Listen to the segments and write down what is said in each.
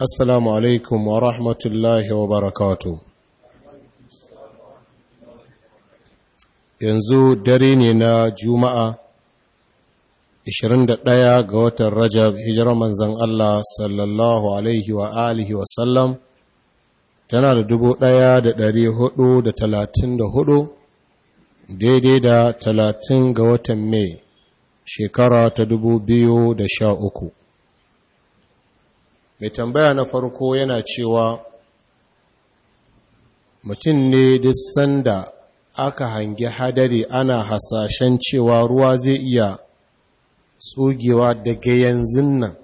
Assalamu alaikum wa rahmatullahi wa barakatu. Yanzu dare ne na Juma'a 21 ga watan Rajab hijirar manzan Allah sallallahu alaihi wa alihi wa sallam tana da hudu, daidai da talatin ga watan Mai shekara ta dubu biyu da sha uku. mai tambaya na farko yana cewa mutum ne duk sanda aka hangi hadari ana hasashen cewa ruwa zai iya tsogewa daga yanzu nan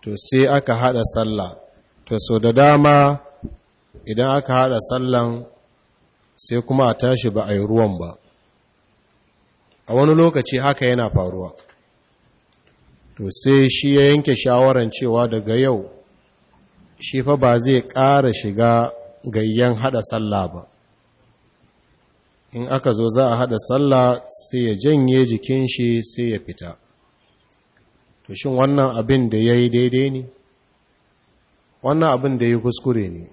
to sai aka hada sallah to so da dama idan aka hada sallan sai kuma a tashi ba a yi ruwan ba a wani lokaci haka yana faruwa to sai shi ya yanke shawaran cewa daga yau shi fa ba zai ƙara shiga gayyan haɗa sallah ba in aka zo za a haɗa sallah sai ya janye jikin shi sai ya fita to shin wannan abin da ya yi daidai ne wannan abin da ya kuskure ne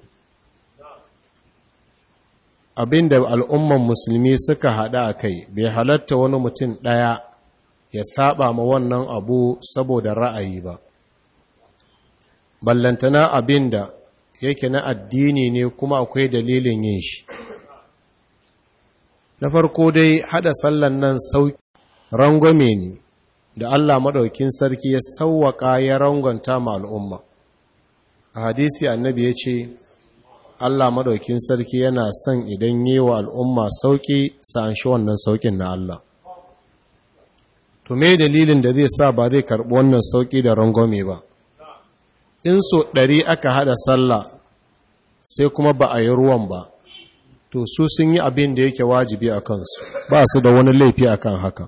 abin da al'umman musulmi suka hada a kai bai halatta wani mutum ɗaya ya saba ma wannan abu saboda ra'ayi ba ballantana abin da yake na addini ne kuma akwai dalilin yin shi na farko dai hada sallan nan sauki rangwame ne da Allah maɗaukin sarki ya sauwaƙa ya rangwanta ma al'umma a hadisi annabi ya ce Allah maɗaukin sarki yana son idan yi wa al'umma sauƙi sa'an shi wannan sauƙin na Allah to me dalilin da zai sa ba zai karbi wannan sauki da rangwame ba in so ɗari aka haɗa sallah sai kuma ba a yi ruwan ba to su sun yi abin da yake wajibi a kansu ba su da wani laifi a kan haka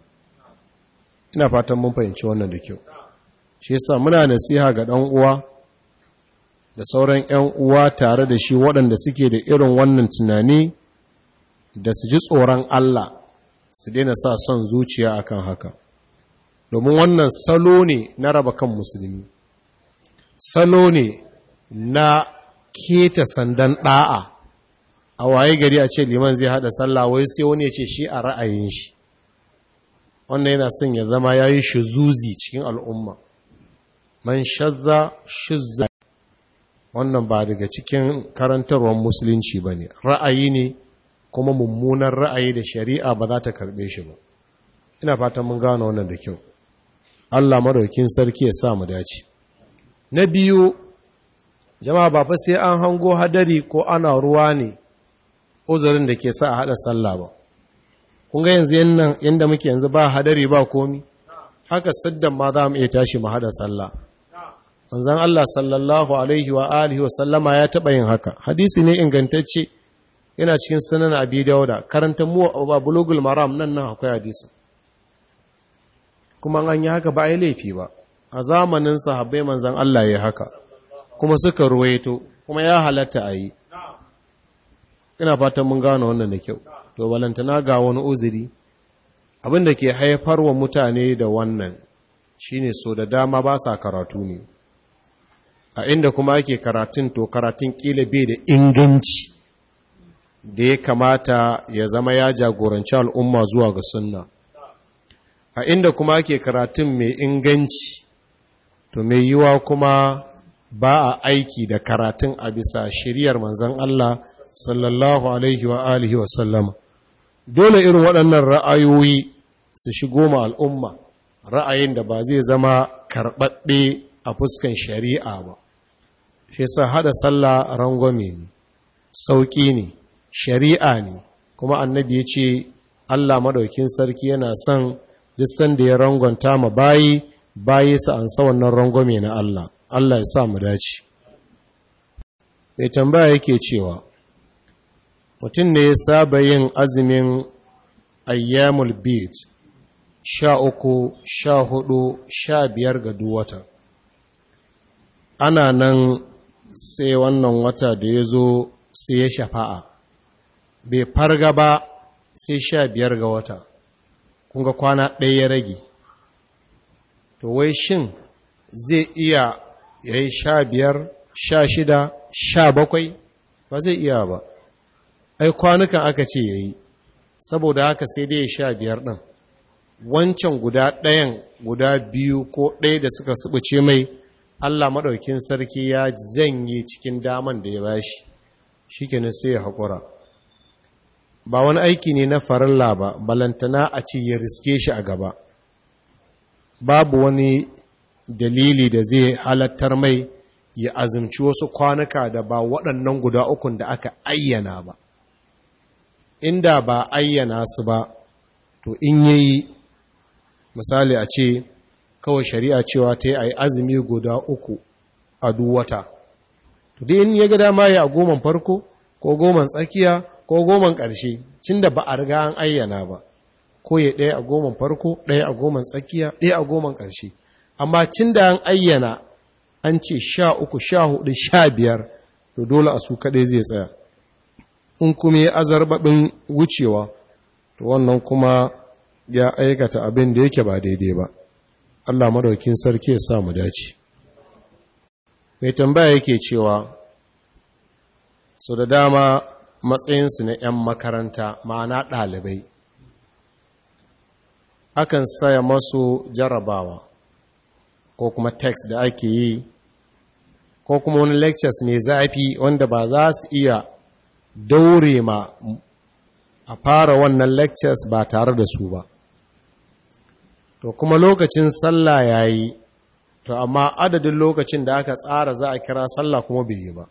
ina fatan mun fahimci wannan da kyau shi yasa muna nasiha ga ɗan uwa da sauran 'yan uwa tare da shi waɗanda suke da irin wannan tunani da su ji tsoron Allah su daina sa son zuciya akan haka domin wannan salo ne na raba kan musulmi salo ne na keta sandan ɗa'a a waye gari a ce liman zai haɗa sallah wai sai wani ya ce shi a ra'ayin shi wannan yana son ya zama ya yi zuzi cikin al'umma man shazza shizza wannan ba daga cikin karantarwar musulunci ba ne ra'ayi ne kuma mummunan ra'ayi da shari'a ba za ta karɓe shi ba ina fatan mun gano wannan da kyau Allah maraukin sarki ya sa mu dace na biyu jama'a ba fa sai an hango hadari ko ana ruwa ne uzurin da ke sa a hada sallah ba kun ga yanzu yannan yanda muke yanzu ba hadari ba komi haka saddan ma za mu iya tashi mu hada sallah manzon Allah sallallahu alaihi wa alihi wa sallama ya taba yin haka hadisi ne ingantacce yana cikin sunan abi dauda karanta mu a bulugul maram nan nan akwai hadisi kuma an yi haka ba a yi laifi ba a zamanin sahabbai manzan Allah ya haka kuma suka ruwaito kuma ya halatta a yi ina fatan mun gano wannan da kyau to balantana ga wani uzuri abinda ke haifar wa mutane da wannan shine so da dama ba sa karatu ne a inda kuma ake karatun to karatun kila bai da inganci da ya kamata ya zama ya jagoranci al'umma zuwa ga sunna a inda kuma ke karatun mai inganci to mai yiwa kuma ba a aiki da karatun a bisa shiriyar manzan Allah sallallahu alaihi wa alihi wa sallama dole irin waɗannan ra'ayoyi su shigo ma al'umma ra'ayin da ba zai zama karɓaɓɓe a fuskan shari'a ba shi sa hada sallah rangwame ne sauƙi ne shari'a ne kuma annabi ya ce Allah maɗaukin sarki yana son duk sanda ya rangonta ma bayi bayi su ansa wannan rangwame na Allah Allah ya sa mu dace mai tambaya yake cewa mutum ne ya saba yin azumin ayyamul bid sha uku sha hudu sha biyar ga duwata ana nan sai wannan wata da ya zo sai ya shafa'a bai farga ba sai sha biyar ga wata Kunga kwana ɗaya ya rage to wai shin zai iya ya yi sha biyar sha shida sha bakwai ba zai iya ba ai kwanukan aka ce ya yi saboda haka sai dai ya sha biyar ɗin wancan guda ɗayan guda biyu ko ɗaya da suka subuce mai Allah maɗaukin sarki ya zanye cikin daman da ya bashi shi kenan sai ya haƙura ba wani aiki ne na farilla ba balantana a ce ya riske shi a gaba babu wani dalili da zai halattar mai ya azumci wasu kwanuka da ba waɗannan guda ukun da aka ayyana ba inda ba ayyana su ba to in yayi misali a ce kawai shari'a cewa ta yi azumi guda uku a duwata to dai in ya ga dama ya a goman farko ko goma tsakiya ko goman ƙarshe cin da ba a riga an ayyana ba ko ya ɗaya a goman farko ɗaya a goman tsakiya ɗaya a goman ƙarshe amma cin da an ayyana an ce sha uku sha hudu sha biyar to dole a su kaɗai zai tsaya in kuma ya azarbaɓin wucewa to wannan kuma ya aikata abin da yake ba daidai ba Allah madaukin sarki ya sa mu dace mai tambaya yake cewa so da dama matsayinsu na 'yan makaranta ma'ana ɗalibai akan saya masu jarabawa ko kuma text da ake yi ko kuma wani lectures mai zafi wanda ba za su iya daure ma a fara wannan lectures ba tare da su ba to kuma lokacin sallah yayi to amma adadin lokacin da aka tsara za a kira sallah kuma bai yi ba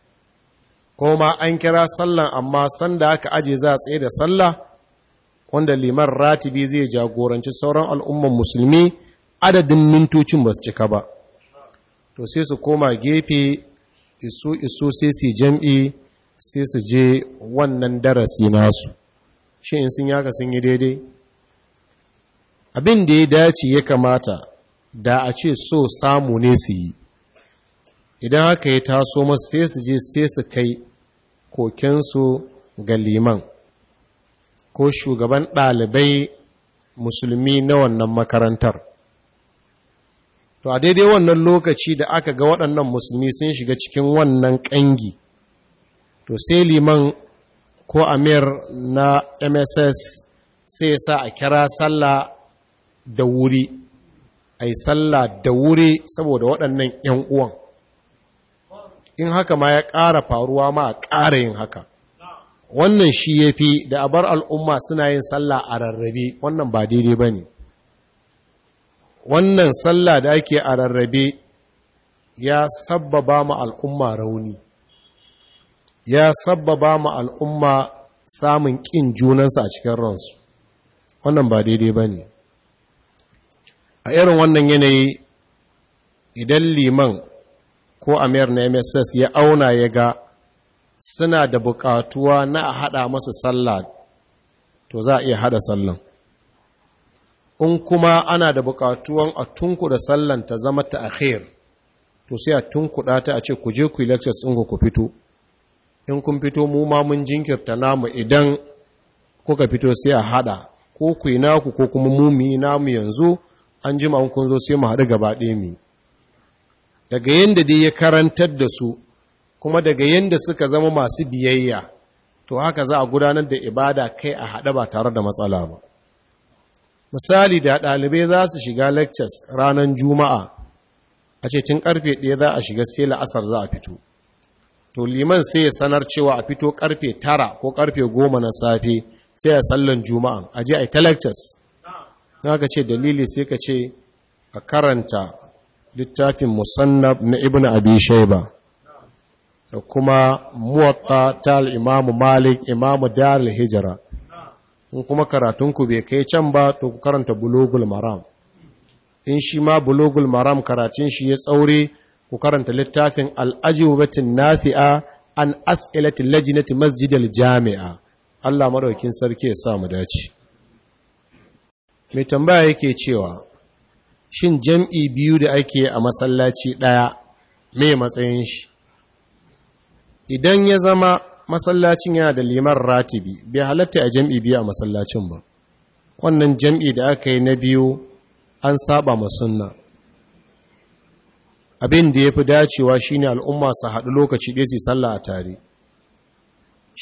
ma an kira sallan amma sanda aka aje za a tsaye da sallah wanda liman ratibi zai jagoranci sauran al'umman musulmi adadin mintocin ba su cika ba to sai su koma gefe isu isu sai su jam'i sai su je wannan darasi nasu shi in sun yaka sun yi daidai abin da ya dace ya kamata da a ce so samu ne su yi idan haka yi taso masu sai su je sai su kai kokensu ga liman ko shugaban ɗalibai musulmi na wannan makarantar to a daidai wannan lokaci da aka ga waɗannan musulmi sun shiga cikin wannan ƙangi to sai liman ko amir na mss sai ya sa a kira sallah da wuri a yi sallah da wuri saboda waɗannan 'yan uwan in haka ma ya ƙara faruwa ma a ƙara yin haka wannan shi ya fi da abar al'umma suna yin sallah a rarrabe wannan ba daidai ba ne wannan sallah da ake a rarrabe ya sabbaba ma al'umma rauni ya sabbaba ma al'umma samun ƙin junansa a cikin ransu wannan ba daidai ba ne a irin wannan yanayi idan liman ko amir na mss ya auna ya ga suna da bukatuwa na a hada masu sallah to za a iya hada sallan in kuma ana da bukatuwan a tunku da sallan ta zama ta akhir to sai a tunkuda ta a ce ku je ku yi lectures in ku fito in kun fito mu ma mun jinkirta namu idan kuka fito sai a hada ko ku yi naku ko kuma mu mu yi namu yanzu an jima kun zo sai mu haɗu gaba ɗaya mu daga yadda dai ya karantar da su kuma daga yadda suka zama masu biyayya to haka za a gudanar da ibada kai a haɗa ba tare da matsala ba misali da ɗalibai za su shiga lectures ranar juma'a a ce tun ƙarfe ɗaya za a shiga sai la'asar za a fito to liman sai ya sanar cewa a fito ƙarfe tara ko ƙarfe goma na safe sai a sallan juma'a a je a yi ta lectures na ka ce dalili sai ka ce a karanta littafin musannab na ibn abi shayba da kuma muwatta ta al-Imamu malik imamu al hijra in kuma karatunku bai kai can ba to ku karanta bulugul maram in shi ma bulugul maram karatun shi ya tsauri, ku karanta littafin al'ajubatin nafi'a an lajnati lajinati masjidar jami'a Allah madaukin sarki ya sa mu dace mai tambaya yake cewa shin jam'i biyu da ake a masallaci ɗaya mai matsayin shi idan ya zama masallacin yana da liman ratibi bai halatta a jam'i biyu a masallacin ba wannan jam'i da aka yi na biyu an saba masunna abin da ya fi dacewa shine al'umma su haɗu lokaci ɗaya su sallah a tare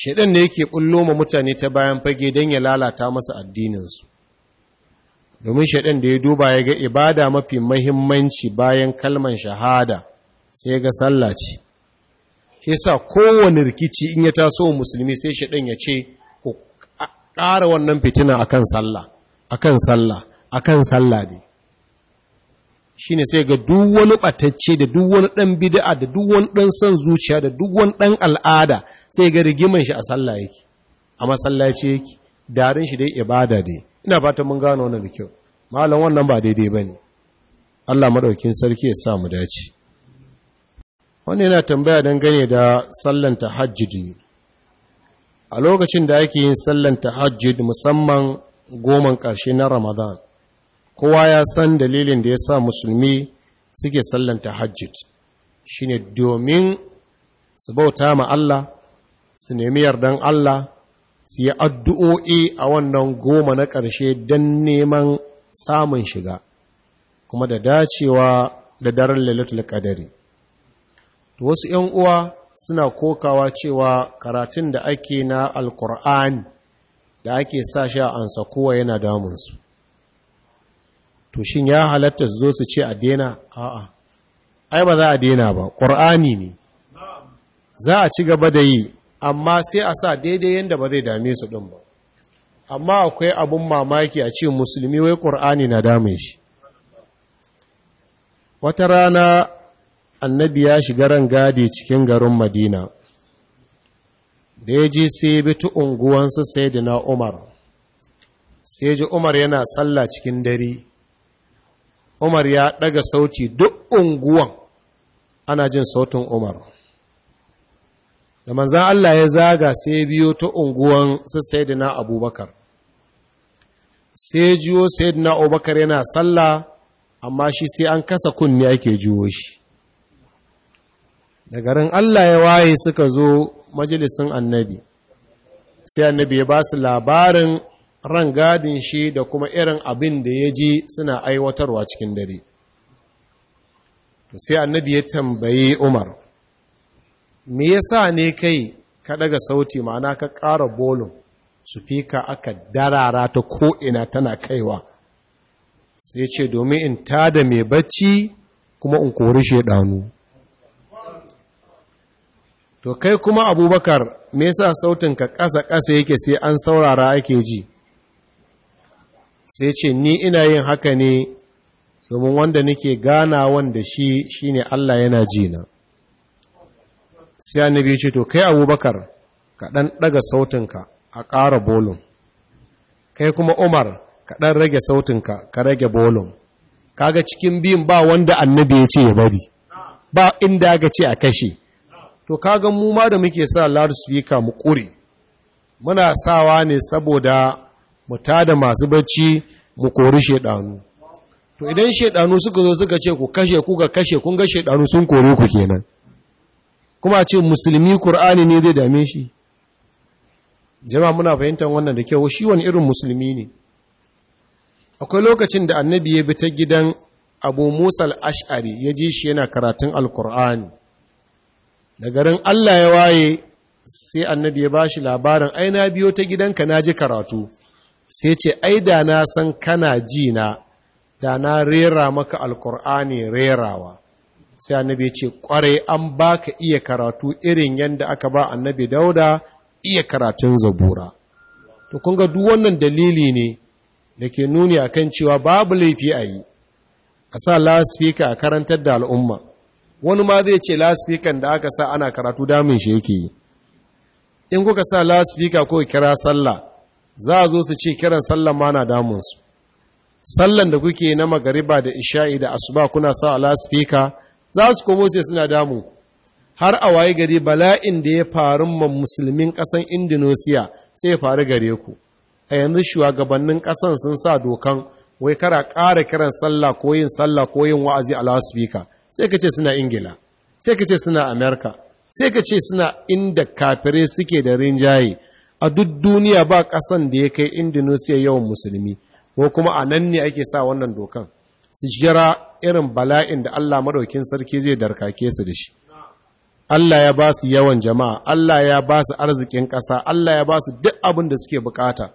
shaɗan ne yake ɓullo ma mutane ta bayan fage don ya lalata masu addininsu domin shaɗan da ya duba ya ga ibada mafi mahimmanci bayan kalman shahada sai ga sallah ce shi sa kowane rikici in ya taso musulmi sai shaɗan ya ce ku ƙara wannan fitina akan sallah akan sallah akan sallah ne shi ne sai ga duk wani ɓatacce da duk wani ɗan bida'a da duk wani ɗan son zuciya da duk wani ɗan al'ada sai ga rigiman shi a sallah yake a masallaci yake darin shi dai ibada ne. ina fatan mun gano wannan da kyau malam wannan ba daidai bane Allah maɗaukin sarki ya sa mu dace wannan yana tambaya dangane da sallan tahajjudi a lokacin da ake yin sallan tahajjud musamman goman ƙarshe na Ramadan kowa ya san dalilin da ya sa musulmi suke sallan tahajjud shine domin su bauta ma Allah su nemi yardan Allah su yi addu'o'i a wannan goma na ƙarshe don neman samun shiga kuma da dacewa da daren lalatul ƙadari wasu ‘yan uwa suna kokawa cewa karatun da ake na alkur'ani da ake sa shi a ansa kowa yana damunsu to shin ya halatta zo su ce a dena a'a ai ba za a dena ba ƙur'ani ne za a ci gaba da yi amma sai a sa daidai yadda ba zai dame su ɗin ba amma akwai abin mamaki a ce musulmi wai ƙur'ani na dame shi wata rana annabi ya shiga ran gadi cikin garin madina da ya ji sai bitu unguwansu sai da na umar sai ji umar yana tsalla cikin dare umar ya ɗaga sauti duk unguwan ana jin sautin umar da manzan Allah ya zaga sai biyo ta unguwan su na abubakar sai jiwo na abubakar yana sallah amma shi sai an kasa kunni ake jiwo shi da garin Allah ya waye suka zo majalisun annabi sai annabi ya ba su labarin gadin shi da kuma irin abin da ya ji suna aiwatarwa cikin dare sai annabi ya tambaye umar me yasa ne kai ka daga sauti ma'ana ka ƙara bolin su fika aka darara ta ko'ina tana kaiwa sai ce domin in tada mai bacci kuma in kori shaidanu to kai kuma abubakar me yasa sautinka ƙasa-ƙasa yake sai an saurara ake ji sai ce ni ina yin haka ne domin wanda nake gana wanda shi shine Allah yana ji na sai annabi ya ce to kai abubakar ka ɗan ɗaga sautinka a ƙara bolon kai kuma umar ka ɗan rage sautinka ka rage bolon kaga cikin biyun ba wanda annabi ya ce ya bari ba inda ya ce a kashe to kaga mu ma da muke sa loudspeaker mu ƙure muna sawa ne saboda mu tada masu bacci mu kori shaidanu to idan shaidanu suka zo suka ce ku kashe ku ga kashe kun ga shaidanu sun kori ku kenan kuma ce musulmi Kur'ani ne zai dame shi Jama muna fahimtar wannan da kyau shi wani irin musulmi ne akwai lokacin da annabi ya bi ta gidan abu musa ash'ari ya ji shi yana karatun alkur'ani da garin allah ya waye sai annabi ya ba shi labarin ai na biyo ta gidanka na ji karatu sai ce ai da na san kana ji na da na rera maka alkur'ani rerawa sai annabi ya ce kwarai an baka iya karatu irin yadda aka ba annabi dauda iya karatun zabura to kun ga duk wannan dalili ne da ke nuni a kan cewa babu laifi a yi a sa laspika a karantar da al'umma wani ma zai ce lasifikan da aka sa ana karatu damin shi yake yi in kuka sa lasifika ko kira sallah za a zo su ce kiran sallah ma na damunsu sallan da kuke na magariba da isha'i da asuba kuna sa a laspika za su komo sai suna damu har a waye gari bala'in da ya faru ma musulmin ƙasan Indonesia sai ya faru gare ku a yanzu shugabannin ƙasan sun sa dokan wai kara ƙara kiran sallah ko yin sallah ko yin wa'azi a bika, sai ka ce suna Ingila sai ka ce suna amerika sai ka ce suna inda kafire suke da rinjaye a duk duniya ba ƙasan da ya kai Indonesia yawan musulmi ko kuma a nan ne ake sa wannan dokan su jira irin bala'in da Allah maɗaukin sarki zai darkake su da shi Allah ya ba su yawan jama'a Allah ya ba su arzikin ƙasa Allah ya ba su duk abin da suke bukata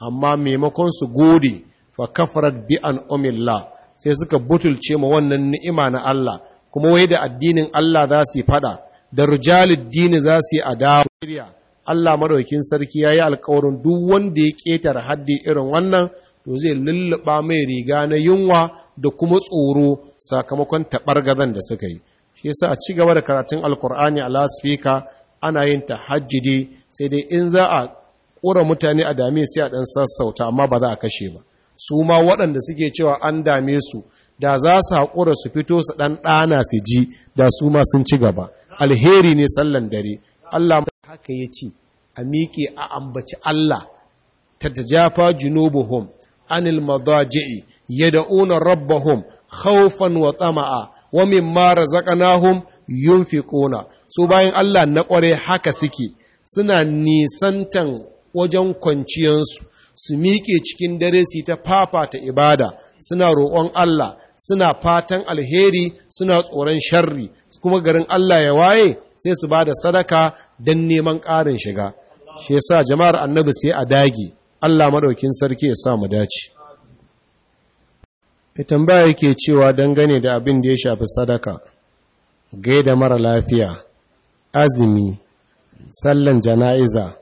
amma maimakon su gode fa kafarat bi an umilla sai suka butulce ma wannan ni'ima na Allah kuma wai da addinin Allah za su yi fada da rijalid dini za su yi adawa Allah madaukin sarki ya yi alkawarin duk wanda ya ƙetare haddi irin wannan to zai lulluɓa mai riga na yunwa da kuma tsoro sakamakon taɓar taɓargazan da suka yi shi yasa a ci gaba da karatun alkur'ani a lasfika ana yin ta tahajjudi sai dai in za a ƙura mutane a dame sai a ɗan sassauta amma ba za a kashe ba su ma waɗanda suke cewa an dame su da za su haƙura su fito su ɗan ɗana su ji da su ma sun ci gaba alheri ne sallan dare Allah haka ya ce a miƙe a ambaci Allah ta tajafa junubuhum anil madaji'i yad'una rabbahum khawfan wa tama'a wa mimma razaqnahum yunfiquna su bayan Allah na kwarai haka suke suna nisantan wajen kwanciyarsu, su miƙe cikin dare su ta fafata ibada suna roƙon Allah suna fatan alheri suna tsoron sharri kuma garin Allah ya waye sai su ba da sadaka don neman ƙarin shiga shi yasa jama'ar annabi sai a dage Allah maɗaukin sarki ya sa mu dace mai tambaya yake cewa dangane da abin da ya shafi sadaka gaida mara lafiya azumi sallan jana'iza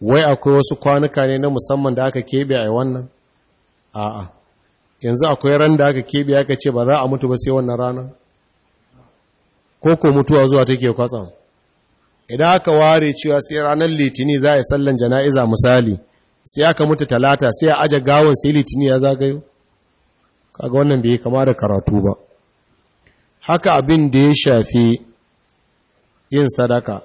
wai akwai wasu kwanuka ne na musamman da aka keɓe a wannan a'a yanzu akwai ran da aka keɓe aka ce ba za a mutu ba sai wannan ranar ko ko mutuwa zuwa take kwatsam idan aka ware cewa sai ranar litini za a yi sallan jana'iza misali sai aka mutu talata sai a aje gawon sai litini ya zagayo kaga wannan bai kama da karatu ba haka abin da ya shafi yin sadaka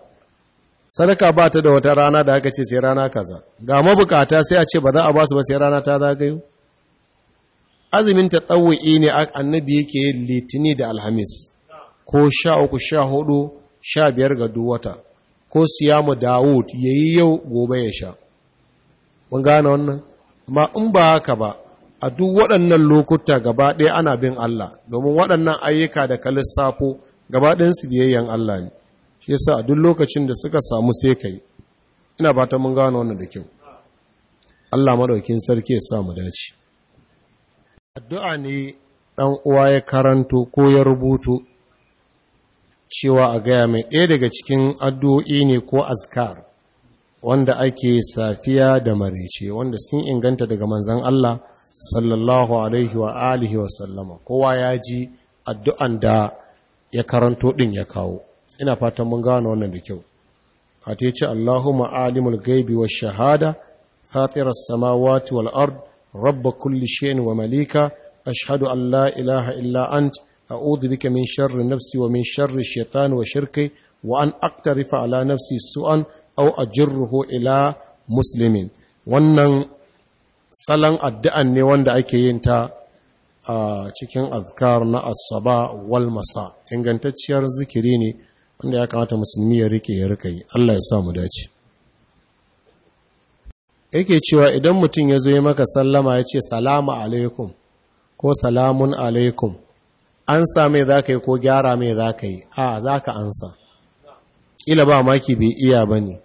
sadaka ba ta da wata rana da aka ce sai rana kaza ga mabukata sai a ce ba za a ba su ba sai rana ta zagayo azumin ta tsawo'i ne annabi yake yin litini da alhamis ko sha uku sha hudu sha biyar ga duwata ko siyamu dawud ya yi yau gobe ya sha mun gane wannan amma in ba haka ba a duk waɗannan lokuta gaba ɗaya ana bin Allah domin waɗannan ayyuka da ka lissafo gaba su biyayyen Allah ne shi yasa a duk lokacin da suka samu sai kai ina ta mun gano wannan da kyau Allah madaukin sarki ya sa mu dace addu'a ne dan uwa ya karanto ko ya rubuto cewa a gaya mai ɗaya daga cikin addu'o'i ne ko azkar wanda ake safiya da marece wanda sun inganta daga manzan Allah sallallahu alaihi wa alihi wa sallama kowa ya ji addu'an da ya karanto ɗin ya kawo ina fatan mun gano wannan da kyau fata yace Allahumma alimul gaibi wa shahada fatiras samawati wal ard Rabba kulli shay'in wa malika ashhadu an la ilaha illa ant a'udhu bika min sharri nafsi wa min sharri shaitan wa shirki wa an aktarifa ala nafsi su'an aw ajruhu ila muslimin wannan salon addu'an ne wanda ake yin ta a cikin azkar na asaba wal ingantacciyar zikiri ne wanda ya kamata musulmi ya rike ya rika yi Allah ya sa mu dace yake cewa idan mutum ya zo yi maka sallama ya ce salamu alaikum ko salamun alaikum an sa mai za ka yi ko gyara mai za ka yi a za ka ansa ƙila ba maki bai iya ba ne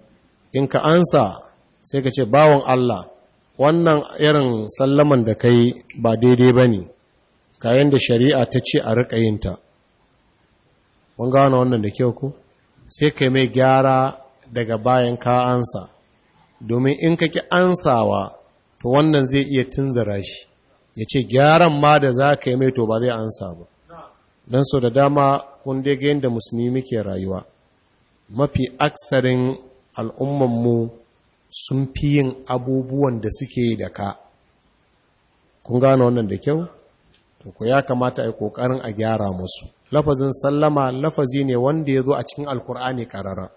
in ka ansa sai ka ce bawon Allah wannan irin sallaman da kai ba daidai ba ne kayan da shari'a ta ce a rikayinta yinta mun gano wannan da kyau ku sai kai mai gyara daga bayan ka ansa domin in kake ansawa to wannan zai iya tunzara shi ya ce gyaran ma da za ka yi mai to ba zai ansa ba don so da dama kun dai yadda musulmi muke rayuwa mafi aksarin al'ummanmu sun fi yin abubuwan da suke da ka kun gane wannan da kyau to ku ya kamata a yi kokarin a gyara musu lafazin sallama lafazi ne wanda ya zo a cikin alkur'ani karara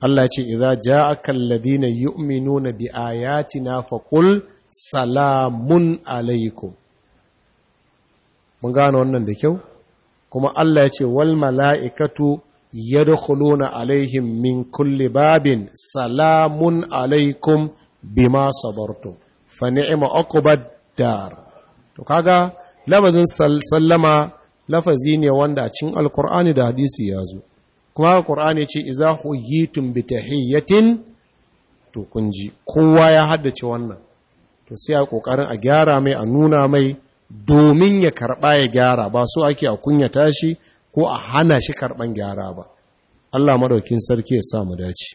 Allah ce idza ja'aka alladhina yu'minuna bi ayatina faqul salamun alaikum mun gane wannan da kyau kuma Allah ya ce wal mala'ikatu yadkhuluna alaihim min kulli babin salamun alaikum bima sabartum fa ni'ma uqbad to kaga lafazin sallama lafazi ne wanda a cin alkur'ani da hadisi ya zo kuma alqur'ani ce idza huyitum bi tahiyyatin to kun ji kowa ya haddace wannan to sai a kokarin a gyara mai a nuna mai domin ya karba ya gyara ba so ake a kunyata shi ko a hana shi karɓan gyara ba Allah madaukin sarki ya samu dace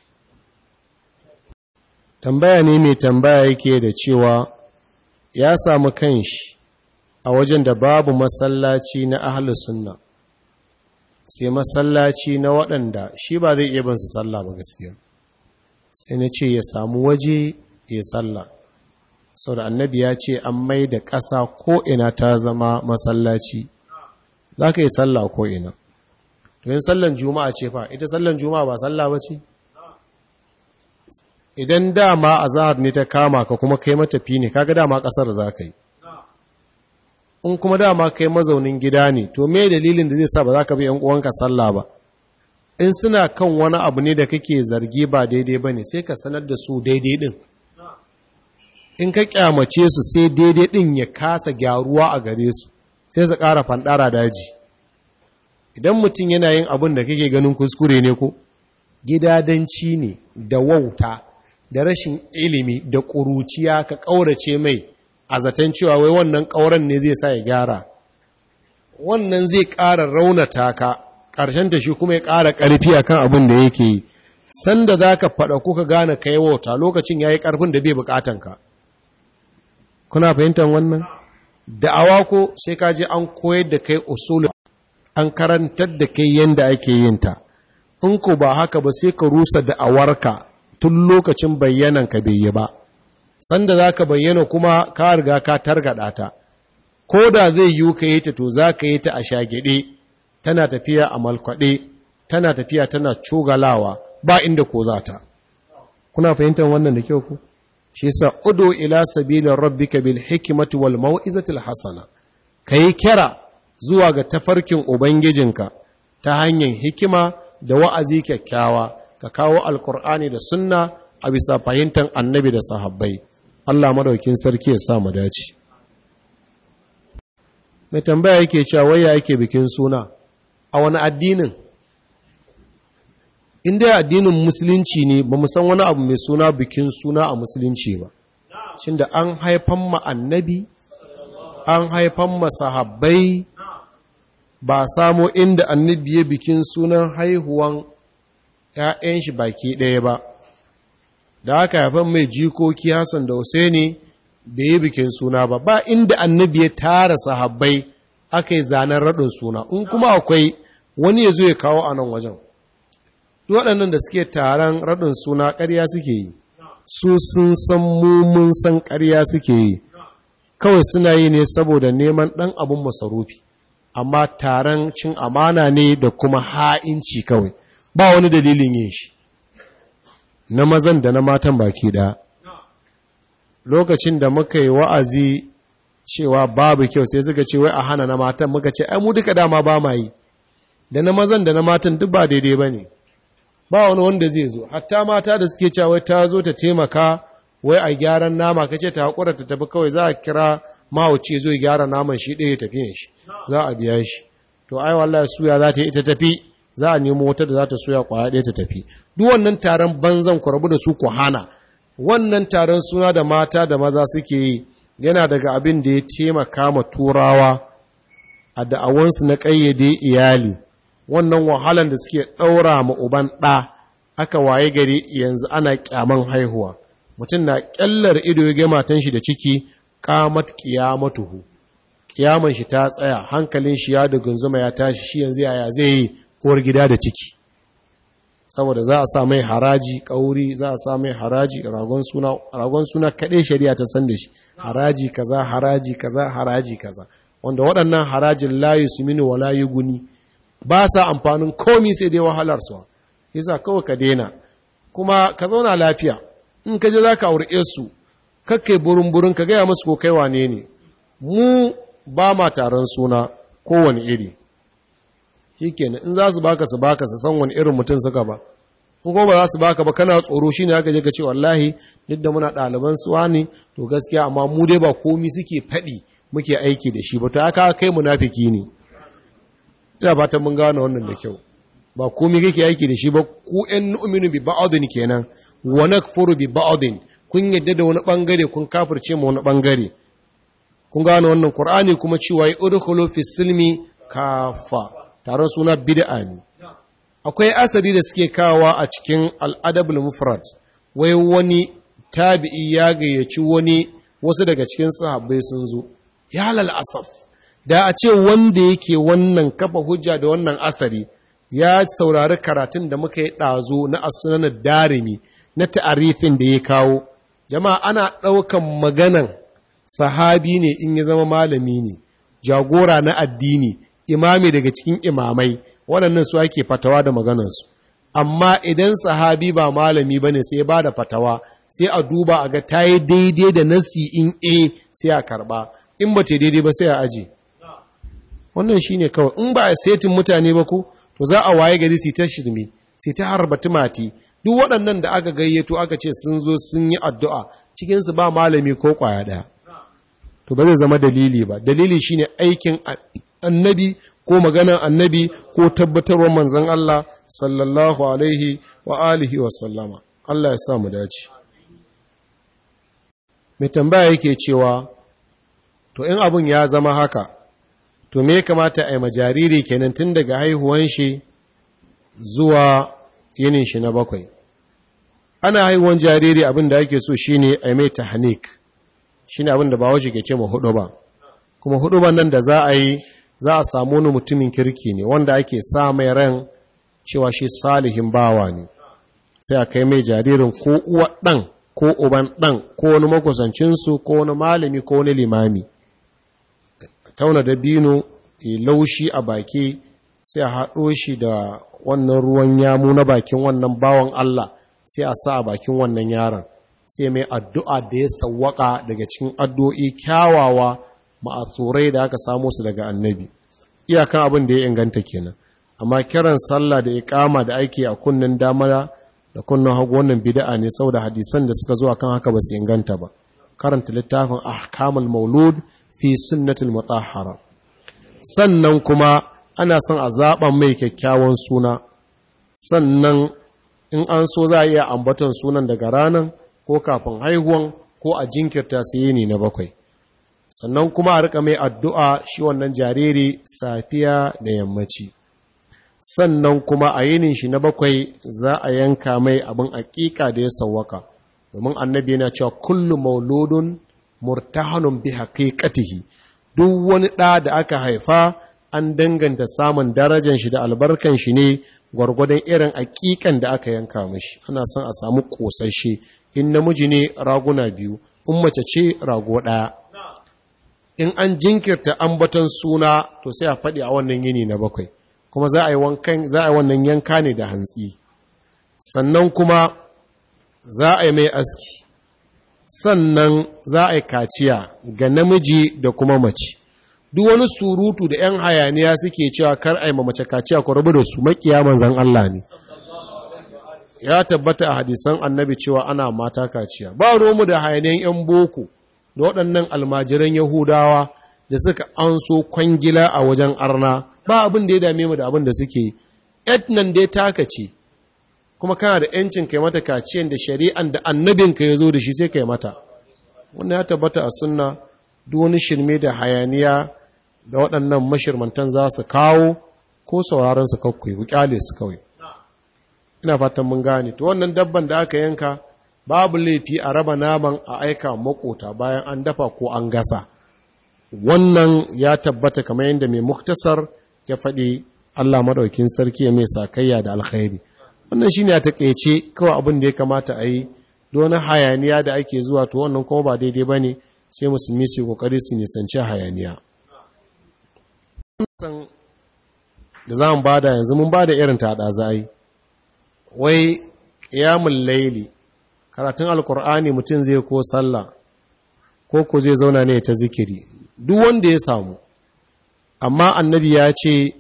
tambaya ne mai tambaya yake da cewa ya samu kanshi a wajen da babu masallaci na ahlus sunna sai masallaci na waɗanda shi ba zai iya bansu sallah ba gaskiya sai na ce ya samu waje ya sallah sau da annabi ya ce an mai da ƙasa ko ina ta zama masallaci za ka yi sallah ko ina to yin sallan juma'a ce fa ita sallan juma'a ba sallah ba ce idan dama azahar ne ta kama ka kuma kai matafi ne kaga dama kasar za ka yi in kuma dama kai mazaunin gida ne to me dalilin da zai sa ba za ka bi 'yan uwanka sallah ba in suna kan wani abu ne da kake zargi ba daidai ba ne sai ka sanar da su daidai din in ka kyamace su sai daidai din ya kasa gyaruwa a gare su sai su ƙara fanɗara daji idan mutum yana yin abin da kake ganin kuskure ne ko gidadanci ne da wauta da rashin ilimi da ƙuruciya ka ƙaurace mai a zaton cewa wai wannan ƙauren ne zai sa ya gyara wannan zai ƙara raunata ka ƙarshen da shi kuma ya ƙara ƙarfi a kan abin da yake yi sanda za ka faɗa kuka gane ka yi wauta lokacin ya yi ƙarfin da bai buƙatanka kuna fahimtar wannan Da awa ko sai ka je an koyar da kai usul an karantar da kai yadda ake yin ta in ko ba haka ba sai ka rusa ka tun lokacin bayyanan ka bai yi ba sanda za ka bayyana kuma ka riga ka targada ta ko da zai yi ka yi ta to za ka yi ta a shagide tana tafiya a malkwaɗe tana tafiya tana cogalawa ba inda ko za ta kuna fahimtar wannan da kyau ku shi sa udu ila sabilin rabbika bil hikimati wal Hassana, hasana yi kira zuwa ga tafarkin ubangijinka ta hanyar hikima da wa'azi kyakkyawa ka kawo alkur'ani da sunna a bisa fahimtar annabi da sahabbai Allah maɗaukin sarki ya sa mu dace mai tambaya yake cewa waya yake bikin suna a wani addinin in dai addinin musulunci ne ba san wani abu mai suna bikin suna a musulunci ba shin da an haifan ma annabi an haifan ma sahabbai ba samo inda annabi ya bikin sunan haihuwan ‘ya'yan shi baki ɗaya ba da aka haifan mai jikoki hassan da husaini da ya bikin suna ba ba inda annabi ya tara sahabbai aka yi zanen raɗin suna in kuma akwai wani ya zo ya kawo a nan wajen waɗannan da suke taron raɗin suna ƙarya suke yi su sun san mummun san ƙarya suke yi kawai suna yi ne saboda neman ɗan abin masarufi amma taron cin amana ne da kuma ha'inci kawai ba wani dalilin yin shi na mazan da na matan baki ɗaya lokacin da muka yi wa'azi cewa babu kyau sai suka ce wai a hana na matan muka ce ai mu duka dama ba ma yi da na mazan da na matan duk ba daidai ba ne ba wani wanda zai zo hatta mata da suke cewa wai ta zo ta taimaka wai a gyaran nama kace ta hakura ta tafi kawai za a kira mahauci zo gyara naman shi ɗaya tafi shi za a biya shi to ai wallahi suya za ta yi ita tafi za a nemo wata da za ta suya kwaya ɗaya ta tafi duk wannan taron banzan ku rabu da su ku hana wannan taron suna da mata da maza suke yi yana daga abin da ya taimaka ma turawa a da'awansu na ƙayyade iyali wannan wahalan da suke ɗaura ma uban ɗa aka waye gari yanzu ana kyaman haihuwa mutum na ƙyallar ido ya gama tan shi da ciki ƙamat ƙiyamatuhu Ƙiyaman shi ta tsaya hankalin shi ya zuma ya tashi shi yanzu yaya zai yi uwar gida da ciki saboda za a sa mai haraji ƙauri, za a sa mai haraji ragon suna ragon kaɗai shari'a ta san da shi haraji kaza haraji kaza haraji kaza wanda waɗannan harajin su mini wa layu guni. ba sa amfanin komi sai dai wahalar ya yasa kawai ka daina kuma ka zauna lafiya in ka je za ka aure su kakkai burin-burin ka gaya masu ko kai wane ne mu ba ma taron suna kowane iri shi kenan in za su baka su baka su san wani irin mutum suka ba in kuma ba za su baka ba kana tsoro shine aka je ka ce wallahi duk da muna ɗaliban suwa ne to gaskiya amma mu dai ba komi suke faɗi muke aiki da shi ba to aka kai munafiki ne ina fatan mun gane wannan da kyau ba komai kake aiki da shi ba ku ɗan nu'minu bi ba'adin kenan wa nakfuru bi ba'adin kun yadda da wani bangare kun kafirce mu wani bangare kun gane wannan qur'ani kuma cewa ya udkhulu fi silmi kafa taron suna bid'a ne akwai asari da suke kawa a cikin al'adabul mufrad wai wani tabi'i ya gayyaci wani wasu daga cikin sahabbai sun zo ya lal asaf da a ce wanda yake wannan kafa hujja da wannan asari ya saurari karatun da muka yi ɗazo na asunanar darimi na ta'arifin da ya kawo jama'a ana ɗaukan maganan sahabi ne in ya zama malami ne jagora na addini imami daga cikin imamai waɗannan su ake fatawa da maganansu amma idan sahabi ba malami ba ne sai ba da fatawa sai a duba a ga ta yi daidai da nasi in a sai a karɓa in ba ta daidai ba sai a aji wannan shine kawai in ba a setin mutane ba ku? to za a waye gari su ta shirme su harba tumati duk waɗannan da aka gayyato aka ce sun zo sun yi addu'a cikin su ba malami ko kwaya ɗaya to ba zai zama dalili ba dalili shine aikin annabi ko maganar annabi ko tabbatarwar manzon Allah sallallahu alaihi wa alihi wa sallama Allah ya sa mu dace mai tambaya yake cewa to in abin ya zama haka to me kamata a yi majariri kenan tun daga haihuwan shi zuwa yinin shi na bakwai ana haihuwan jariri abinda da ake so shine a mai tahnik shine abin da ba wace ke ce ma hudu ba kuma hudu ban nan da za a yi za a samu wani mutumin kirki ne wanda ake sa mai ran cewa shi salihin bawa ne sai a kai mai jaririn ko uwa ɗan ko uban ɗan ko wani makusancinsu ko wani malami ko wani limami tauna dabino ya laushi a baki sai a haɗo shi da wannan ruwan yamu na bakin wannan bawan Allah sai a sa a bakin wannan yaron sai mai addu'a da ya sawwaka daga cikin addu'o'i kyawawa ma'asurai da aka samo su daga annabi iyakan abin da ya inganta kenan amma kiran sallah da kama da aiki a kunnen dama da kunnen hagu wannan bida'a ne saboda hadisan da suka zuwa kan haka ba su inganta ba karanta littafin ahkamul maulud fi sunnatul mutahhara sannan kuma ana son a zaba mai kyakkyawan suna sannan in an so za iya ambaton sunan daga ranan ko kafin haihuwan ko a jinkirta sai ne na bakwai sannan kuma a rika mai addu'a shi wannan jariri safiya da yammaci sannan kuma a yinin shi na bakwai za a yanka mai abin aƙiƙa da ya sawwaka domin annabi yana cewa kullu mauludun murtahanun bi haqiqatihi duk wani ɗa da aka haifa an danganta samun darajan shi da albarkan shi ne gwargwadon irin aƙiƙan da aka yanka mashi, ana son a samu ƙosashe in namiji ne raguna biyu in mace ce rago ɗaya in an jinkirta ambaton suna to sai a faɗi a wannan yini na bakwai kuma za a yi wannan yanka ne da hantsi sannan kuma za a yi mai aski sannan za a yi kaciya ga namiji da kuma mace duk wani surutu da 'yan hayaniya suke cewa kar a yi ma mace kaciya ku rabu da su makiya manzan Allah ne ya tabbata a hadisan annabi cewa ana mata kaciya ba romu da hayaniyan 'yan boko da waɗannan almajiran yahudawa da suka an so kwangila a wajen arna ba abin da ya dame mu da abin da suke etnan dai taka ce kuma kana da ‘yancin kai mata kaciyan da shari'an da annabinka ya zo da shi sai kai mata wannan ya tabbata a sunna duk wani shirme da hayaniya da waɗannan mashirmantan za su kawo ko sauraron su kakwai ku kyale su kawai ina fatan mun gane to wannan dabban da aka yanka babu laifi a raba naman a aika makota bayan an dafa ko an gasa wannan ya tabbata kamar yadda mai muktasar ya faɗi Allah madaukin sarki ya mai sakayya da alkhairi wannan shine a takeice kawai abin da ya kamata a yi don hayaniya da ake zuwa to wannan kuma ba daidai bane sai musulmi su kokari su nisanci hayaniya da za mu bada yanzu mun bada irin ta da zai wai qiyamul layli karatun alkur'ani mutum zai ko sallah ko ko zai zauna ne ta zikiri duk wanda ya samu amma annabi ya ce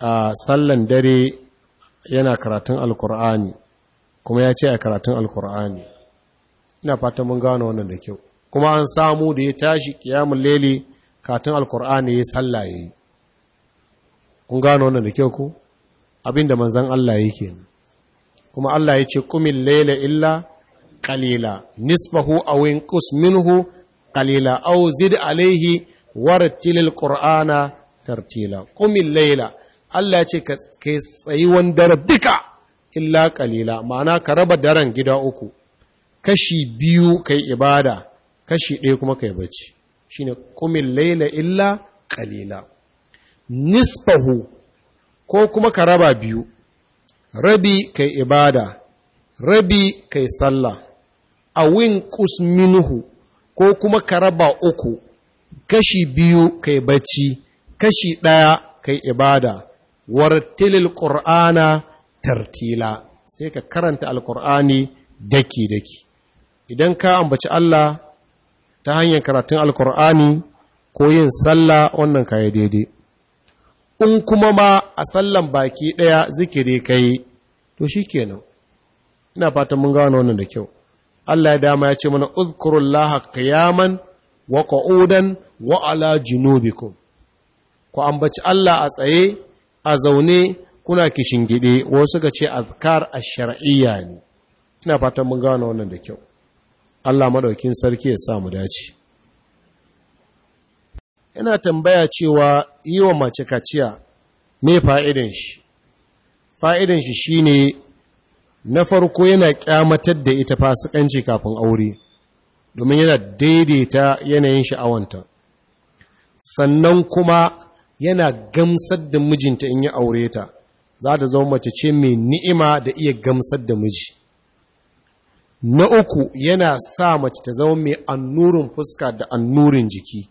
a sallan dare yana karatun alkur'ani kuma ya ce a karatun alkur'ani ina fata mun gano wannan da kyau kuma an samu da ya tashi kiyamun lele karatun alkur'ani ya salla ya kun gano wannan da kyau ku abinda manzan Allah yake kuma Allah ya ce kumin lele illa kalila nisbahu aw inqus minhu kalila au zid alaihi tilil qur'ana tartila kumin lele Allah ce ka tsayuwan dare duka illa kalila ma'ana ka raba daren gida uku kashi biyu kai ibada kashi ɗaya kuma kai bacci shine kumin laila illa kalila nisfahu ko kuma ka raba biyu rabi kai ibada rabi kai sallah a winkus minuhu ko kuma ka raba uku kashi biyu kai bacci kashi ɗaya kai ibada wartilil qur'ana tartila sai ka karanta alqur'ani daki daki idan ka ambaci Allah ta hanyar karatun alqur'ani ko yin sallah wannan kai daidai in kuma ma a sallan baki daya zikiri kai to shikenan ina fatan mun gano wannan da kyau Allah ya dama ya ce mana uzkurullaha qiyaman wa qu'udan wa ala junubikum ku ambaci Allah a tsaye a zaune kuna kishingide wasu suka ce azkar ash-shar'iyya ne ina fatan mun gano wannan da kyau Allah madaukin sarki ya sa mu dace ina tambaya cewa yi wa mace kaciya me fa'idan shi fa'idan shi shine na farko yana kyamatar da ita fasikanci kafin aure domin yana daidaita yanayin sha'awanta sannan kuma yana gamsar da mijinta in yi aure ta za ta zama mace ce mai ni'ima da iya gamsar da miji na uku yana sa mace ta zama mai annurin fuska da annurin jiki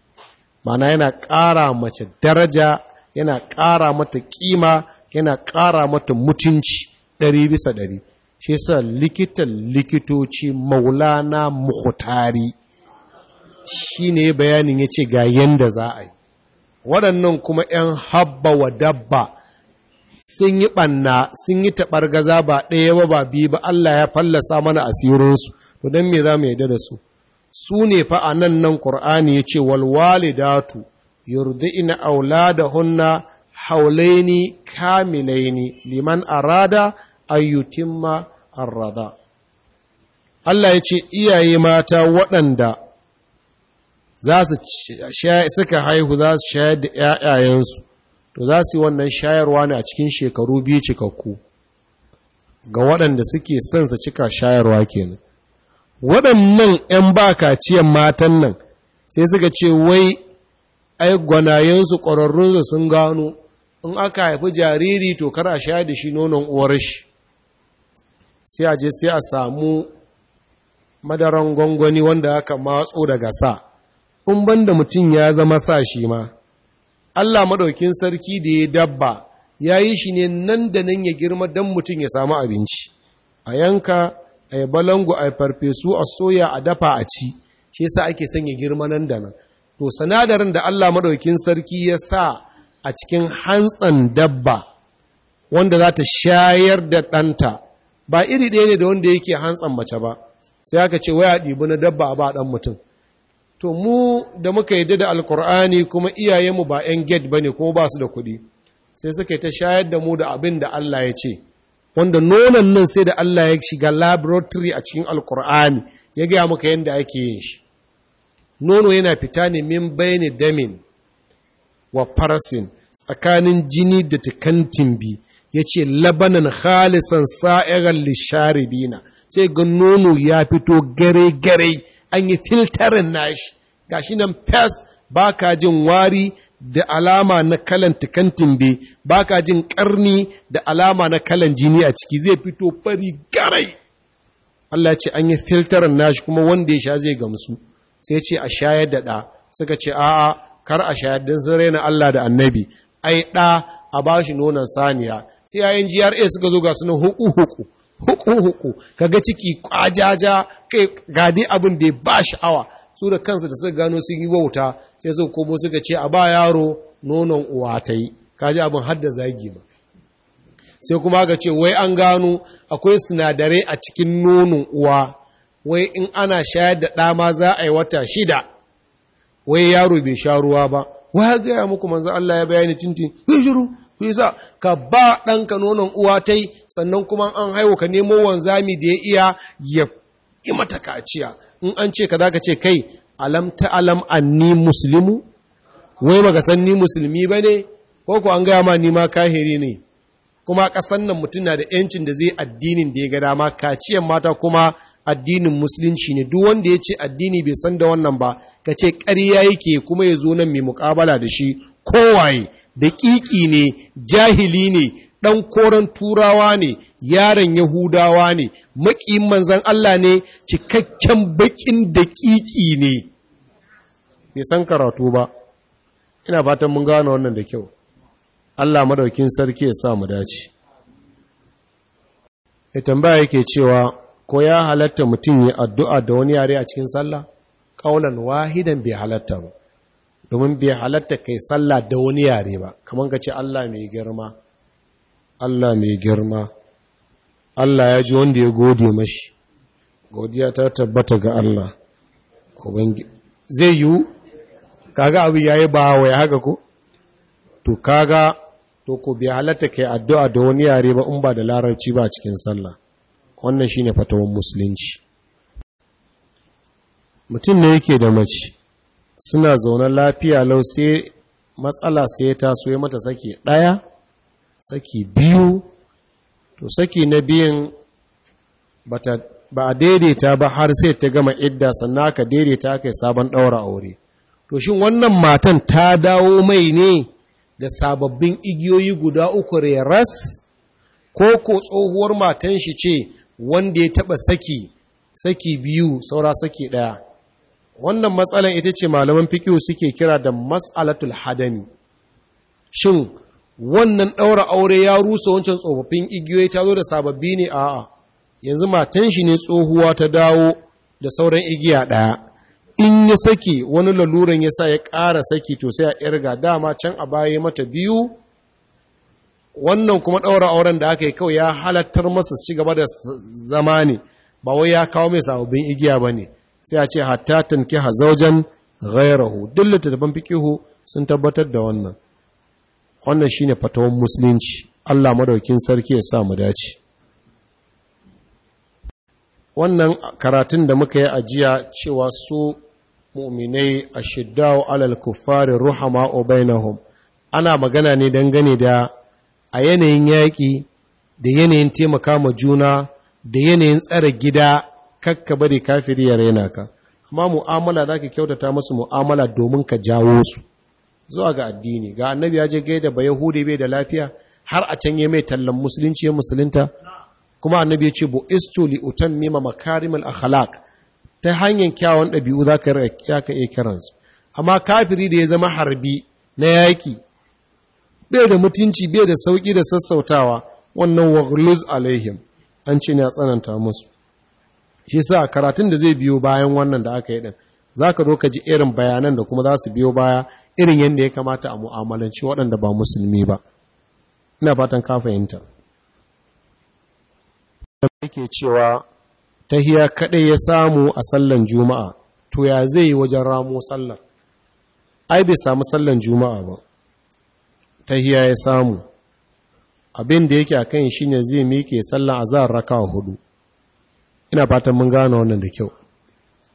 mana yana ƙara mace daraja yana ƙara mata ƙima yana ƙara mata mutunci ɗari bisa ɗari shi sa likitan likitoci maulana muhtari shi ne bayanin ya ce ga yanda za a yi waɗannan kuma ‘yan habba wa dabba sun yi ɓanna sun yi taɓar gaza ba ɗaya ba ba biyu ba Allah ya fallasa mana asirinsu to don me za mu yarda da su su ne fa a nan nan ƙur'ani ya ce walwalidatu da hunna haulaini kamilaini liman arada ayyutimma arrada Allah ya ce iyaye mata waɗanda za su suka haihu za su shayar da ‘ya'yayensu to za su yi wannan shayarwa ne a cikin shekaru biyu cikakku ga waɗanda suke son su cika shayarwa kenan waɗannan ‘yan ba kaciyan matan nan sai suka ce wai ai gwanayensu ƙwararrunsu sun gano in aka haifi jariri to kar a shayar da shi nonon uwar shi sai a je sai a samu madaran gwangwani wanda aka matso daga sa in banda mutum ya zama sa shi ma Allah madaukin sarki da ya dabba ya yi shi ne nan da nan ya girma don mutum ya samu abinci a yanka a yi balangu a farfesu a soya a dafa a ci shi yasa ake sanya girma nan da nan to sanadarin da Allah madaukin sarki ya sa a cikin hantsan dabba wanda za ta shayar da ɗanta ba iri ɗaya ne da wanda yake hantsan mace ba sai aka ce waya ɗibi na dabba a ba ɗan mutum to mu da muka yadda da alkur'ani kuma iyayenmu ba 'yan gate ba ne ko ba su da kuɗi sai suka ta shayar da mu da abin da Allah ya ce wanda nonon nan sai da Allah ya shiga laboratory a cikin alkur'ani ya gaya muka yadda ake yin shi nono yana fita ne min bayani damin wa farasin tsakanin jini da tukantin bi ya ce labanan halisan sa'irar lisharibina sai ga nono ya fito gare-gare an yi filtarin nashi gashi nan pes ba ka jin wari da alama na kalan tukantin be ba ka jin karni da alama na kalan jini a ciki zai fito fari garai Allah ce an yi filtarin nashi kuma wanda ya sha zai gamsu sai ce a shayar da ɗa suka ce a'a kar a shayar don sun raina Allah da annabi ai ɗa a ba shi nonon saniya sai yayin GRA suka zo ga suna huku huku huku huku kaga ciki kwajaja kai gadi abin da ya ba sha'awa su da kansu da suka gano sun yi wauta sai su komo suka ce a ba yaro nonon uwa ta yi kaji abin hadda zagi ba sai kuma ga ce wai an gano akwai sinadarai a cikin nonon uwa wai in ana shayar da ɗama za a yi wata shida wai yaro bai sha ruwa ba wai gaya muku manzo Allah ya bayani tintin ku shiru ku isa ka ba ɗanka nonon uwa ta yi sannan kuma an haihu ka nemo wanzami da ya iya ya yi mata kaciya in an ce ka zaka ce kai alam ta alam anni muslimu wai baka san ni musulmi bane ko ko an gaya ma ni ma kahiri ne kuma kasan nan mutum na da yancin da zai addinin da ya ga dama kaciyan mata kuma addinin musulunci ne duk wanda ya ce addini bai san da wannan ba ka ce ƙarya yake kuma ya zo nan mai muƙabala da shi kowaye da ƙiƙi ne jahili ne ɗan koren turawa ne yaron Yahudawa ne, maƙiyin manzan Allah ne, cikakken baƙin daƙiƙi ne, bai san karatu ba, ina fatan mun gane wannan da kyau, Allah madaukin sarki ya sa mu dace. Ya tambaya yake cewa, ko ya halatta mutum ya addu'a da wani yare a cikin sallah? Ƙaunan wahidan bai halatta ba, domin bai halatta kai sallah da wani yare ba, kamar ka ce Allah mai girma, Allah mai girma. Allah ya ji wanda ya gode mashi godiya ta tabbata ga Allah zai yi kaga abu yi bawa ya haka ko to kaga to ko bi halatta kai addu'a da wani yare ba in ba da larabci ba cikin sallah wannan shine fatawan musulunci mutum ne yake da mace suna zaune lafiya lau sai matsala sai ta so ya mata saki ɗaya saki biyu to saki na biyan ba a daidaita ba har sai ta gama idda sannan aka daidaita kai sabon ɗaura aure to shin wannan matan ta dawo mai ne da sababbin igiyoyi guda uku ras ko ko tsohuwar matan shi ce wanda ya taɓa saki saki biyu saura saki ɗaya wannan matsalan ita ce malaman fikiyo suke kira da matsalatul hadami shin wannan ɗaura aure ya rusa wancan tsofaffin igiyoyi ta zo da sababbi ne a yanzu matan shi ne tsohuwa ta dawo da sauran igiya ɗaya in ya saki wani laluran ya sa ya ƙara saki to sai a irga dama can a baya mata biyu wannan kuma ɗaura auren da aka yi kawai ya halattar masa ci gaba da zama ne ba wai ya kawo mai sababbin igiya ba ne sai a ce hatta tanki hazaujan ghairahu duk littattafan fikihu sun tabbatar da wannan wannan shi ne fatawan musulunci Allah madaukin sarki ya sa mu dace wannan karatun da muka yi ajiya cewa su mu'minai ashiddau alal kuffari ruhama bainahum ana magana ne gani da a yanayin yaƙi da yanayin taimaka ma juna da yanayin tsare gida kakka bari kafiri ya raina ka amma mu'amala za ka kyautata musu mu'amala domin ka jawo su zuwa ga addini ga annabi ya je gaida ba yahudi bai da lafiya har a can ya mai tallan musulunci ya musulunta kuma annabi ya ce bu istu li utammima makarimul akhlaq ta hanyar kyawun ɗabi'u za ka iya kiransu amma kafiri da ya zama harbi na yaki bai da mutunci bai da sauki da sassautawa wannan waghluz alaihim an ce ya tsananta musu shi sa karatun da zai biyo bayan wannan da aka yi din zaka zo ka ji irin bayanan da kuma za su biyo baya irin yadda ya kamata a mu'amalanci waɗanda ba musulmi ba ina fatan ka fahimta da yake cewa tahiya kaɗai ya samu a sallan juma'a to ya zai yi wajen ramo sallar ai bai samu sallan juma'a ba tahiya ya samu abin da yake kan shi ne zai mike sallan azhar raka hudu ina fatan mun gane wannan da kyau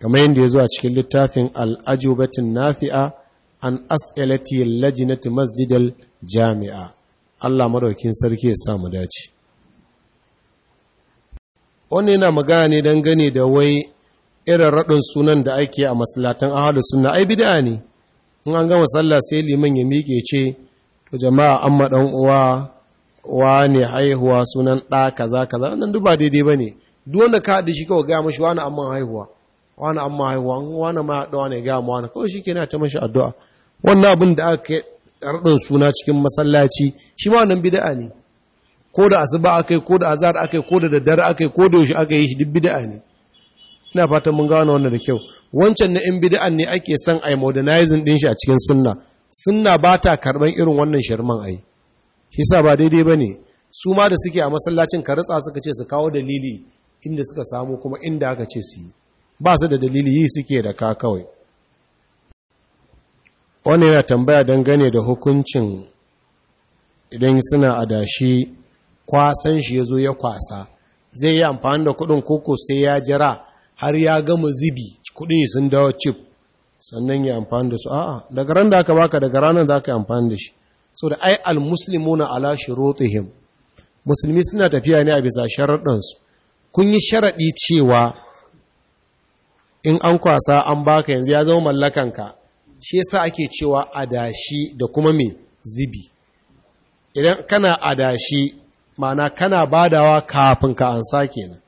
kamar yadda ya zo a cikin littafin al'ajubatin nafi'a an as'alati lajinati masjidal jami'a Allah madaukin sarki ya sa mu dace wannan yana magana ne dangane da wai irin raɗin sunan da ake a masalatan ahlus sunna ai bid'a ne in an gama sallah sai liman ya miƙe ce to jama'a amma dan uwa wane haihuwa sunan ɗa kaza kaza nan duba ba daidai bane duk wanda ka haɗu shi kawai ga mashi wani amma haihuwa wani amma haihuwa wani ma haɗuwa wani ga ma wani kawai shi ke na ta mashi addu'a wannan abin da aka raɗin suna cikin masallaci shi ma wannan bida'a ne ko da asuba aka yi ko da azhar aka yi ko da daddare aka yi ko da yaushe aka yi shi duk bidaa ne ina fatan mun gano wannan da kyau wancan na in bida'a ne ake son ai modernizing din shi a cikin sunna sunna ba ta karban irin wannan sharman ai shi sa ba daidai bane su ma da suke a masallacin karatsa suka ce su kawo dalili inda suka samu kuma inda aka ce su yi ba su da dalili yi suke da ka kawai wani yana tambaya dangane da hukuncin idan suna adashi kwasan shi ya zo ya kwasa zai yi amfani da kudin koko sai ya jira har ya gama zibi kudin sun dawo cip sannan ya amfani da su a'a daga ran da aka baka daga ranar da aka amfani da shi so da ai almuslimuna ala shurutihim musulmi suna tafiya ne a bisa sharaɗansu kun yi sharaɗi cewa in an kwasa an baka yanzu ya zama mallakanka shi yasa ake cewa adashi da kuma mai zibi idan kana adashi ma'ana kana badawa kafin ka ansa kenan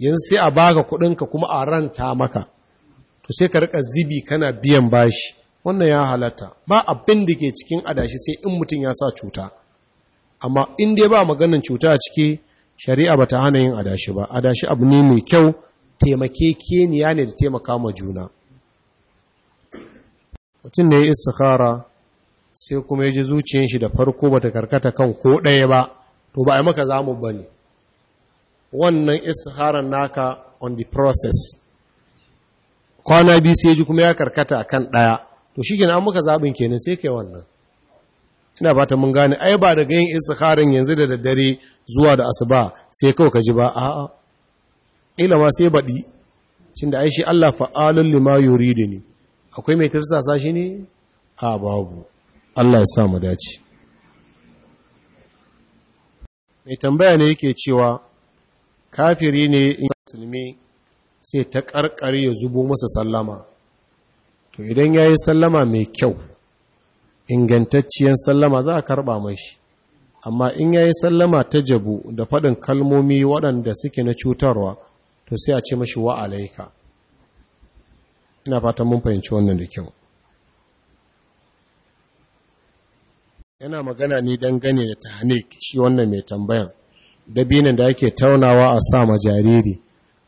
yanzu sai a baka kuɗinka kuma a ranta maka to sai ka rika zibi kana biyan bashi wannan ya halatta ba abin da ke cikin adashi sai in mutum ya sa cuta amma in dai ba maganin cuta a ciki shari'a ba ta hana yin adashi ba adashi abu ne mai kyau taimake keniya ne da taimaka ma juna mutum ne ya istikhara sai kuma ya ji zuciyar shi da farko bata karkata kan ko ɗaya ba to ba a maka zamu bane wannan istikharan naka on the process kwana biyu sai ji kuma ya karkata kan ɗaya to shikenan an maka zaɓin kenan sai ke wannan ina fata mun gane ai ba daga yin istikharin yanzu da daddare zuwa da asuba sai kawai ka ji ba a'a ila ma sai baɗi cin da ai shi Allah fa'alun lima yuridu ne akwai mai tirsasa shi ne a babu Allah ya sa mu dace mai tambaya ne yake cewa kafiri ne in musulmi sai ta karkare ya zubo masa sallama to idan ya yi sallama mai kyau ingantacciyar sallama za a karba mashi amma in ya yi sallama ta jabu da faɗin kalmomi waɗanda suke na cutarwa to sai a ce mashi wa'alaika ina fatan mun fahimci wannan da kyau yana magana ne gane da tahnik shi wannan mai tambayan dabinin da ake taunawa a sa ma jariri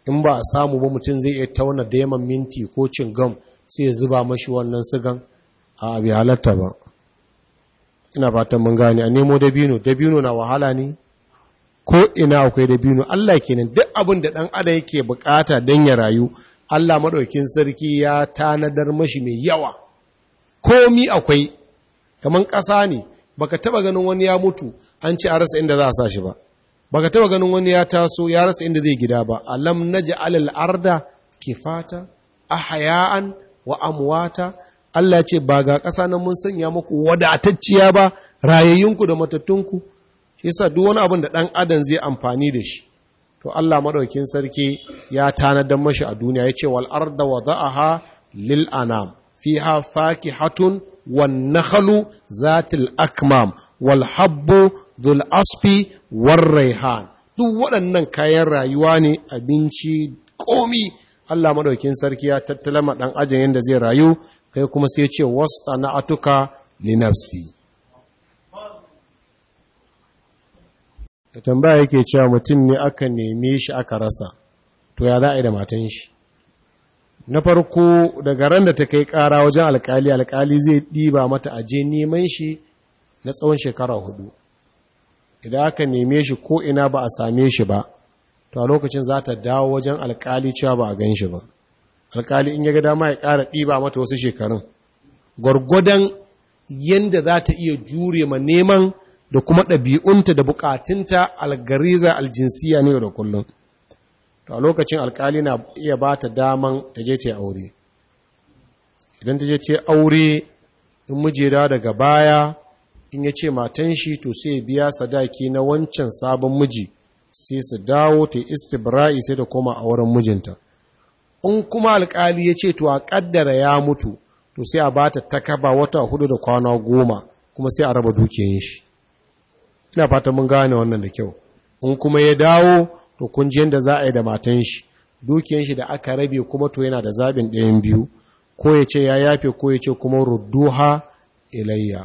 in ba a samu ba mutum zai iya tauna daiman minti ko cingam sai ya zuba mashi wannan sigan a abi halatta ba ina fatan mun gane a nemo dabino dabino na wahala ne ko ina akwai dabino Allah kenan duk abin da dan adam yake bukata dan ya rayu Allah maɗaukin sarki ya tanadar mashi mai yawa komi akwai kamar ƙasa ne baka taɓa ganin wani ya mutu an ce a rasa inda za a sa shi ba baka taɓa ganin wani ya taso ya rasa inda zai gida ba alam ji al-arda a hayaan wa amuwata. Allah ce ba ga ƙasa nan mun sanya muku wadatacciya ba rayayyunku da matattunku shi yasa duk wani abin da ɗan adam zai amfani da shi to Allah maɗaukin sarki ya tanadar mashi a duniya yace wal arda wada'aha lil anam fiha fakihatun wan nakhlu zatil akmam wal habbu Asbi asfi war raihan duk waɗannan kayan rayuwa ne abinci komi Allah maɗaukin sarki ya tattala ɗan ajin yanda zai rayu kai kuma sai ya ce wasta na atuka li nafsi da tambaya yake cewa mutum ne aka neme shi aka rasa to ya za a yi da matan shi na farko daga ran da ta kai kara wajen alkali alkali zai ɗiba mata a je neman shi na tsawon shekara hudu idan aka neme shi ko ina ba a same shi ba to a lokacin za ta dawo wajen alkali cewa ba a gan shi ba alkali in ya ga dama ya kara ɗiba mata wasu shekarun gwargwadon yadda za ta iya jure ma neman da kuma ɗabi'unta da bukatunta algariza aljinsiya ne da kullum to a lokacin alkali na iya ba ta daman ta je ta aure idan ta je ta aure in mijira daga baya in ya ce matan shi to sai biya sadaki na wancan sabon miji sai su dawo ta istibra'i sai da koma a wurin mijinta in kuma alkali ya ce to a kaddara ya mutu to sai a ba ta takaba wata hudu da kwana goma kuma sai a raba dukiyan shi ina fata mun gane wannan da kyau in kuma ya dawo to kun ji yadda za a yi da matan shi dukiyan shi da aka rabe kuma to yana da zaɓin ɗayan biyu ko ya ce ya yafe ko ya ce kuma rudduha ilayya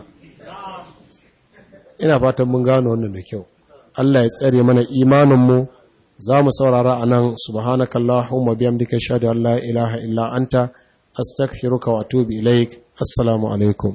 ina fatan mun gane wannan da kyau Allah ya tsare mana imaninmu za mu saurara a nan subhanakallahumma bihamdika shahadu an la ilaha illa anta astaghfiruka wa atubu ilaik assalamu alaikum